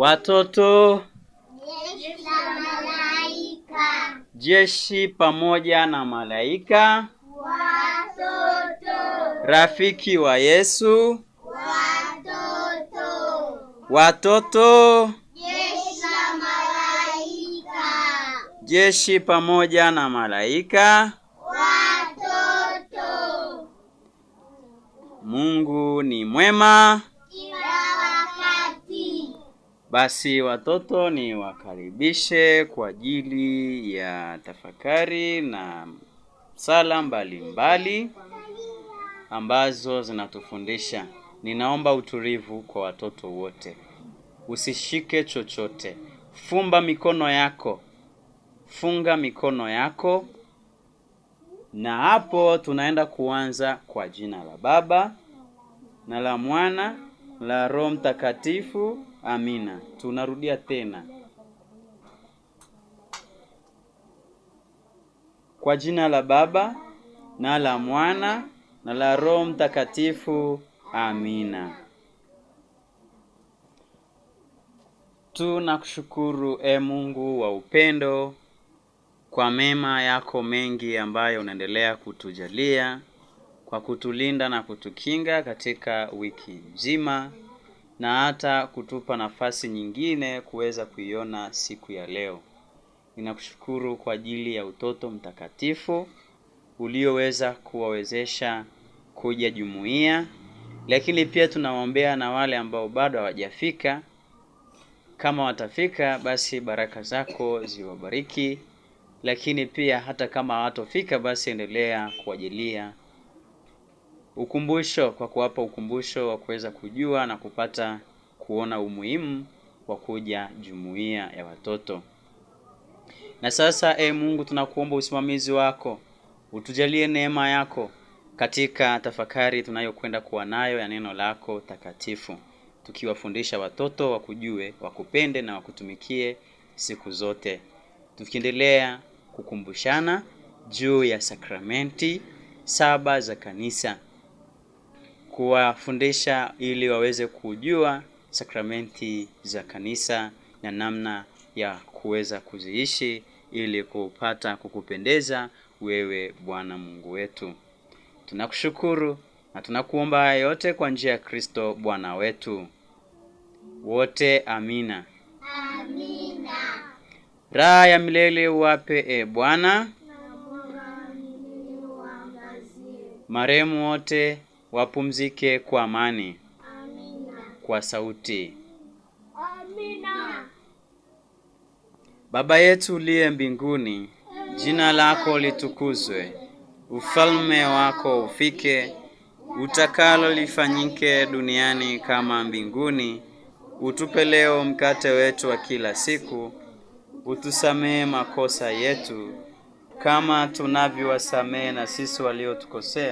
watoto, jeshi la malaika, jeshi pamoja na malaika, watoto, rafiki wa Yesu, watoto, watoto, jeshi la malaika, jeshi pamoja na malaika. Mungu ni mwema. Basi watoto ni wakaribishe kwa ajili ya tafakari na sala mbalimbali mbali ambazo zinatufundisha. Ninaomba utulivu kwa watoto wote, usishike chochote, fumba mikono yako, funga mikono yako. Na hapo tunaenda kuanza kwa jina la Baba na la Mwana na la Roho Mtakatifu. Amina. Tunarudia tena. Kwa jina la Baba na la Mwana na la Roho Mtakatifu. Amina. Tunakushukuru e Mungu wa upendo kwa mema yako mengi ambayo unaendelea kutujalia kwa kutulinda na kutukinga katika wiki nzima na hata kutupa nafasi nyingine kuweza kuiona siku ya leo. Ninakushukuru kwa ajili ya utoto mtakatifu ulioweza kuwawezesha kuja jumuiya, lakini pia tunawaombea na wale ambao bado hawajafika. Kama watafika, basi baraka zako ziwabariki, lakini pia hata kama hawatofika, basi endelea kuwajalia Ukumbusho kwa kuwapa ukumbusho wa kuweza kujua na kupata kuona umuhimu wa kuja jumuiya ya watoto. Na sasa e Mungu, tunakuomba usimamizi wako, utujalie neema yako katika tafakari tunayokwenda kuwa nayo ya neno lako takatifu, tukiwafundisha watoto wakujue, wakupende na wakutumikie siku zote, tukiendelea kukumbushana juu ya sakramenti saba za kanisa kuwafundisha ili waweze kujua sakramenti za kanisa na namna ya kuweza kuziishi ili kupata kukupendeza wewe Bwana Mungu wetu. Tunakushukuru na tunakuomba haya yote kwa njia ya Kristo Bwana wetu. Wote amina. Amina. Raha ya milele uwape e Bwana marehemu wote wapumzike kwa amani. Amina. Kwa sauti Amina. Baba yetu uliye mbinguni, jina lako litukuzwe, ufalme wako ufike, utakalo lifanyike duniani kama mbinguni. Utupe leo mkate wetu wa kila siku, utusamehe makosa yetu kama tunavyowasamehe na sisi waliotukosea